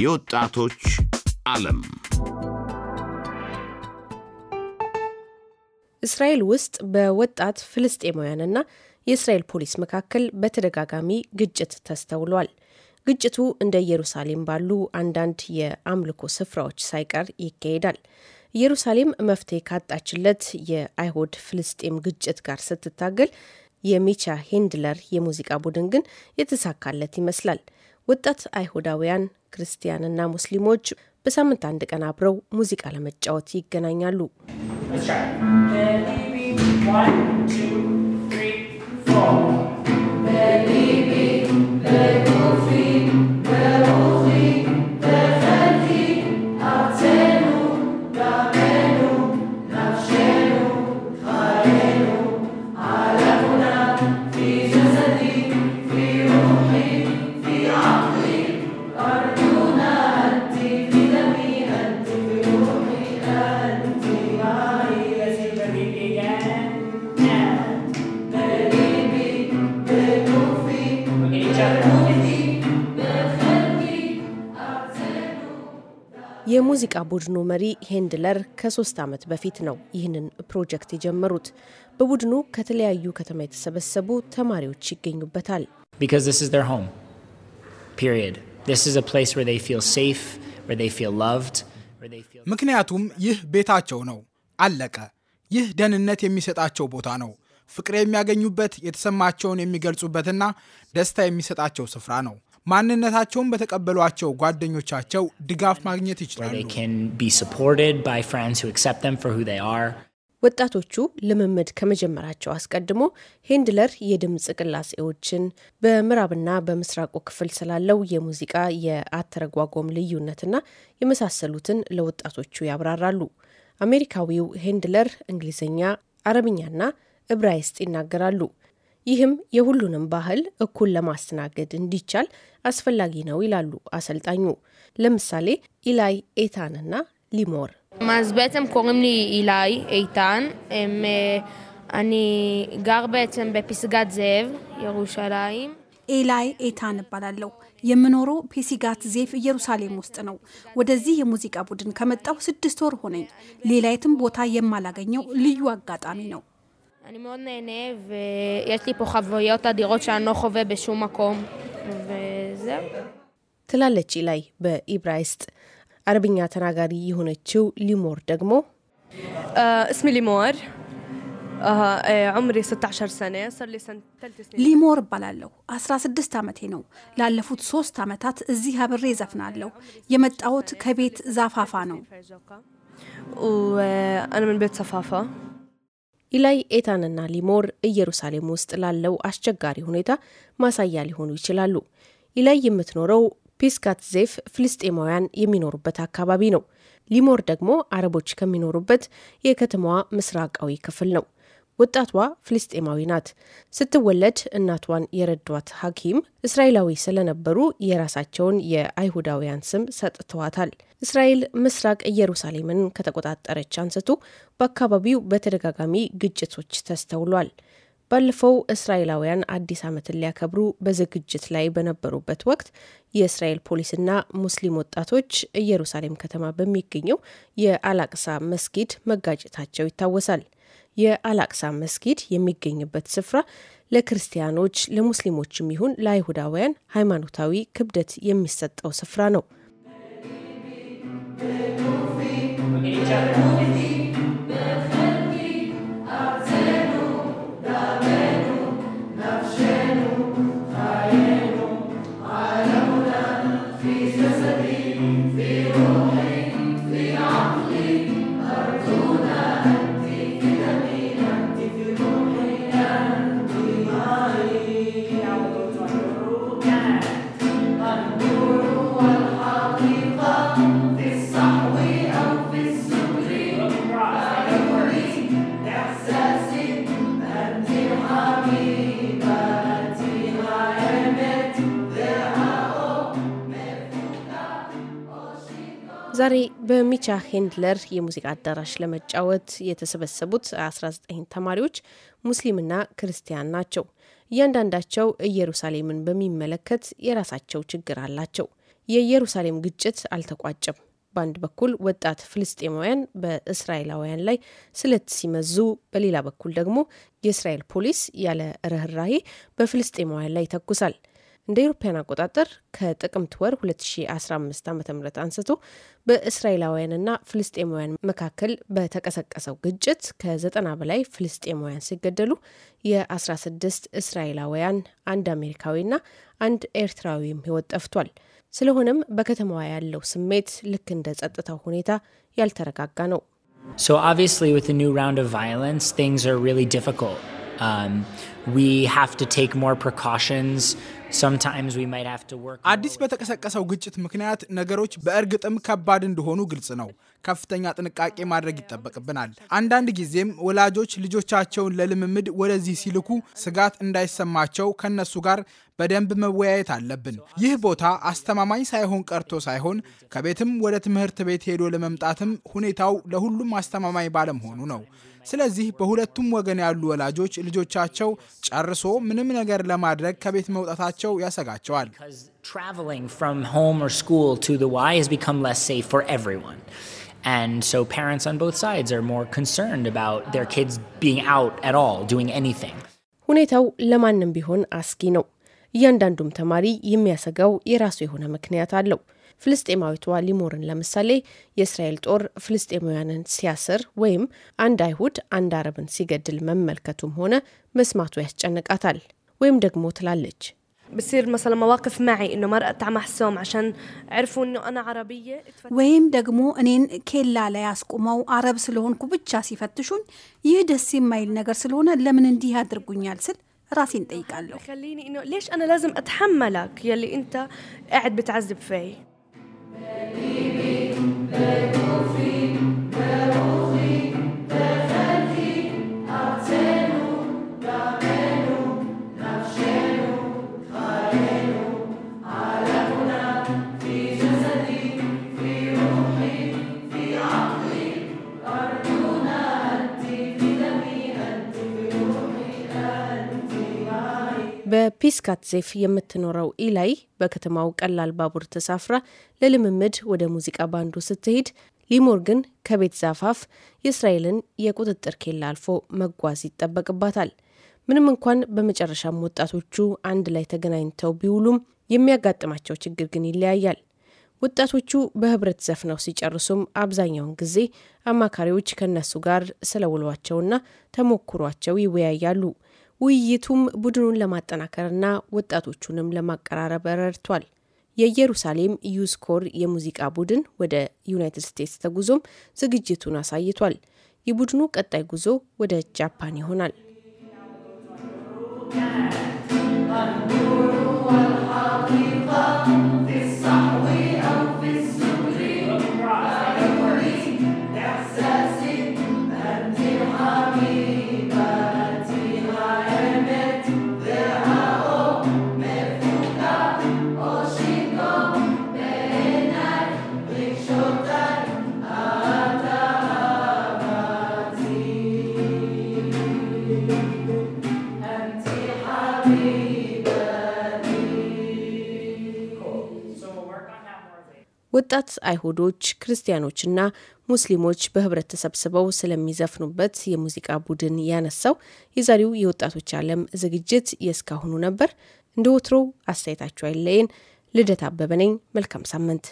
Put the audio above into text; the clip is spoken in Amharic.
የወጣቶች ዓለም እስራኤል ውስጥ በወጣት ፍልስጤማውያንና የእስራኤል ፖሊስ መካከል በተደጋጋሚ ግጭት ተስተውሏል። ግጭቱ እንደ ኢየሩሳሌም ባሉ አንዳንድ የአምልኮ ስፍራዎች ሳይቀር ይካሄዳል። ኢየሩሳሌም መፍትሄ ካጣችለት የአይሁድ ፍልስጤም ግጭት ጋር ስትታገል የሚቻ ሄንድለር የሙዚቃ ቡድን ግን የተሳካለት ይመስላል። ወጣት አይሁዳውያን ክርስቲያንና ሙስሊሞች በሳምንት አንድ ቀን አብረው ሙዚቃ ለመጫወት ይገናኛሉ። One, two, three, four. የሙዚቃ ቡድኑ መሪ ሄንድለር ከሶስት ዓመት በፊት ነው ይህንን ፕሮጀክት የጀመሩት። በቡድኑ ከተለያዩ ከተማ የተሰበሰቡ ተማሪዎች ይገኙበታል። ምክንያቱም ይህ ቤታቸው ነው። አለቀ። ይህ ደህንነት የሚሰጣቸው ቦታ ነው። ፍቅር የሚያገኙበት፣ የተሰማቸውን የሚገልጹበትና ደስታ የሚሰጣቸው ስፍራ ነው። ማንነታቸውን በተቀበሏቸው ጓደኞቻቸው ድጋፍ ማግኘት ይችላሉ። ወጣቶቹ ልምምድ ከመጀመራቸው አስቀድሞ ሄንድለር የድምፅ ቅላሴዎችን በምዕራብና በምስራቁ ክፍል ስላለው የሙዚቃ የአተረጓጎም ልዩነትና የመሳሰሉትን ለወጣቶቹ ያብራራሉ። አሜሪካዊው ሄንድለር እንግሊዝኛ፣ አረብኛና ዕብራይስጥ ይናገራሉ። ይህም የሁሉንም ባህል እኩል ለማስተናገድ እንዲቻል አስፈላጊ ነው ይላሉ አሰልጣኙ። ለምሳሌ ኢላይ ኤታንና ሊሞር ማዝበትም בעצם ኢላይ ኤታን አኒ איתן, הם, אני גר ኤላይ ኤታን እባላለሁ። የምኖረው ፔሲጋት ዜፍ ኢየሩሳሌም ውስጥ ነው። ወደዚህ የሙዚቃ ቡድን ከመጣሁ ስድስት ወር ሆነኝ። ሌላ የትም ቦታ የማላገኘው ልዩ አጋጣሚ ነው። אני מאוד נהנה, ויש לי פה חוויות אדירות שאני לא חווה בשום מקום, וזהו. ትላለች ላይ በኢብራይስጥ አረብኛ ተናጋሪ የሆነችው ሊሞር ደግሞ እስሚ ሊሞር ዑምሪ 16 ሰነ ሊሞር እባላለሁ። 16 ዓመቴ ነው። ላለፉት ሶስት ዓመታት እዚህ አብሬ ዘፍናለሁ። የመጣሁት ከቤት ዛፋፋ ነው። ቤት ኢላይ ኤታንና ሊሞር ኢየሩሳሌም ውስጥ ላለው አስቸጋሪ ሁኔታ ማሳያ ሊሆኑ ይችላሉ። ኢላይ የምትኖረው ፒስካት ዜፍ ፍልስጤማውያን የሚኖሩበት አካባቢ ነው። ሊሞር ደግሞ አረቦች ከሚኖሩበት የከተማዋ ምስራቃዊ ክፍል ነው። ወጣቷ ፍልስጤማዊ ናት። ስትወለድ እናቷን የረዷት ሐኪም እስራኤላዊ ስለነበሩ የራሳቸውን የአይሁዳውያን ስም ሰጥተዋታል። እስራኤል ምስራቅ ኢየሩሳሌምን ከተቆጣጠረች አንስቶ በአካባቢው በተደጋጋሚ ግጭቶች ተስተውሏል። ባለፈው እስራኤላውያን አዲስ ዓመትን ሊያከብሩ በዝግጅት ላይ በነበሩበት ወቅት የእስራኤል ፖሊስና ሙስሊም ወጣቶች ኢየሩሳሌም ከተማ በሚገኘው የአላቅሳ መስጊድ መጋጨታቸው ይታወሳል። የአላቅሳ መስጊድ የሚገኝበት ስፍራ ለክርስቲያኖች ለሙስሊሞችም ይሁን ለአይሁዳውያን ሃይማኖታዊ ክብደት የሚሰጠው ስፍራ ነው። ዛሬ በሚቻ ሄንድለር የሙዚቃ አዳራሽ ለመጫወት የተሰበሰቡት 19 ተማሪዎች ሙስሊምና ክርስቲያን ናቸው። እያንዳንዳቸው ኢየሩሳሌምን በሚመለከት የራሳቸው ችግር አላቸው። የኢየሩሳሌም ግጭት አልተቋጨም። በአንድ በኩል ወጣት ፍልስጤማውያን በእስራኤላውያን ላይ ስለት ሲመዙ፣ በሌላ በኩል ደግሞ የእስራኤል ፖሊስ ያለ ርኅራሄ በፍልስጤማውያን ላይ ይተኩሳል። እንደ አውሮፓውያን አቆጣጠር ከጥቅምት ወር 2015 ዓ ም አንስቶ በእስራኤላውያንና ፍልስጤማውያን መካከል በተቀሰቀሰው ግጭት ከ በላይ ፍልስጤማውያን ሲገደሉ የ16 እስራኤላውያን፣ አንድ አሜሪካዊና አንድ ኤርትራዊም ሕይወት ጠፍቷል። ስለሆነም በከተማዋ ያለው ስሜት ልክ እንደ ጸጥታው ሁኔታ ያልተረጋጋ ነው። So obviously with the new round of violence, things are really difficult. Um, አዲስ በተቀሰቀሰው ግጭት ምክንያት ነገሮች በእርግጥም ከባድ እንደሆኑ ግልጽ ነው። ከፍተኛ ጥንቃቄ ማድረግ ይጠበቅብናል። አንዳንድ ጊዜም ወላጆች ልጆቻቸውን ለልምምድ ወደዚህ ሲልኩ ስጋት እንዳይሰማቸው ከነሱ ጋር በደንብ መወያየት አለብን። ይህ ቦታ አስተማማኝ ሳይሆን ቀርቶ ሳይሆን ከቤትም ወደ ትምህርት ቤት ሄዶ ለመምጣትም ሁኔታው ለሁሉም አስተማማኝ ባለመሆኑ ነው። ስለዚህ በሁለቱም ወገን ያሉ ወላጆች ልጆቻቸው ጨርሶ ምንም ነገር ለማድረግ ከቤት መውጣታቸው ያሰጋቸዋል። ሁኔታው ለማንም ቢሆን አስጊ ነው። እያንዳንዱም ተማሪ የሚያሰጋው የራሱ የሆነ ምክንያት አለው። ፍልስጤማዊቷ ሊሞርን ለምሳሌ የእስራኤል ጦር ፍልስጤማውያንን ሲያስር ወይም አንድ አይሁድ አንድ አረብን ሲገድል መመልከቱም ሆነ መስማቱ ያስጨንቃታል። ወይም ደግሞ ትላለች ወይም ደግሞ እኔን ኬላ ላይ አስቁመው አረብ ስለሆንኩ ብቻ ሲፈትሹኝ ይህ ደስ የማይል ነገር ስለሆነ ለምን እንዲህ ያደርጉኛል ስል ራሴን ጠይቃለሁ። Amém. በፒስካትሴፍ የምትኖረው ኢላይ በከተማው ቀላል ባቡር ተሳፍራ ለልምምድ ወደ ሙዚቃ ባንዱ ስትሄድ ሊሞር ግን ከቤት ዛፋፍ የእስራኤልን የቁጥጥር ኬላ አልፎ መጓዝ ይጠበቅባታል። ምንም እንኳን በመጨረሻም ወጣቶቹ አንድ ላይ ተገናኝተው ቢውሉም የሚያጋጥማቸው ችግር ግን ይለያያል። ወጣቶቹ በህብረት ዘፍነው ሲጨርሱም አብዛኛውን ጊዜ አማካሪዎች ከእነሱ ጋር ስለ ውሏቸውና ተሞክሯቸው ይወያያሉ። ውይይቱም ቡድኑን ለማጠናከርና ወጣቶቹንም ለማቀራረብ ረድቷል። የኢየሩሳሌም ዩስኮር የሙዚቃ ቡድን ወደ ዩናይትድ ስቴትስ ተጉዞም ዝግጅቱን አሳይቷል። የቡድኑ ቀጣይ ጉዞ ወደ ጃፓን ይሆናል። ወጣት አይሁዶች፣ ክርስቲያኖችና ሙስሊሞች በህብረት ተሰብስበው ስለሚዘፍኑበት የሙዚቃ ቡድን ያነሳው የዛሬው የወጣቶች ዓለም ዝግጅት የእስካሁኑ ነበር። እንደ ወትሮ አስተያየታችሁ አይለየን። ልደት አበበ ነኝ። መልካም ሳምንት።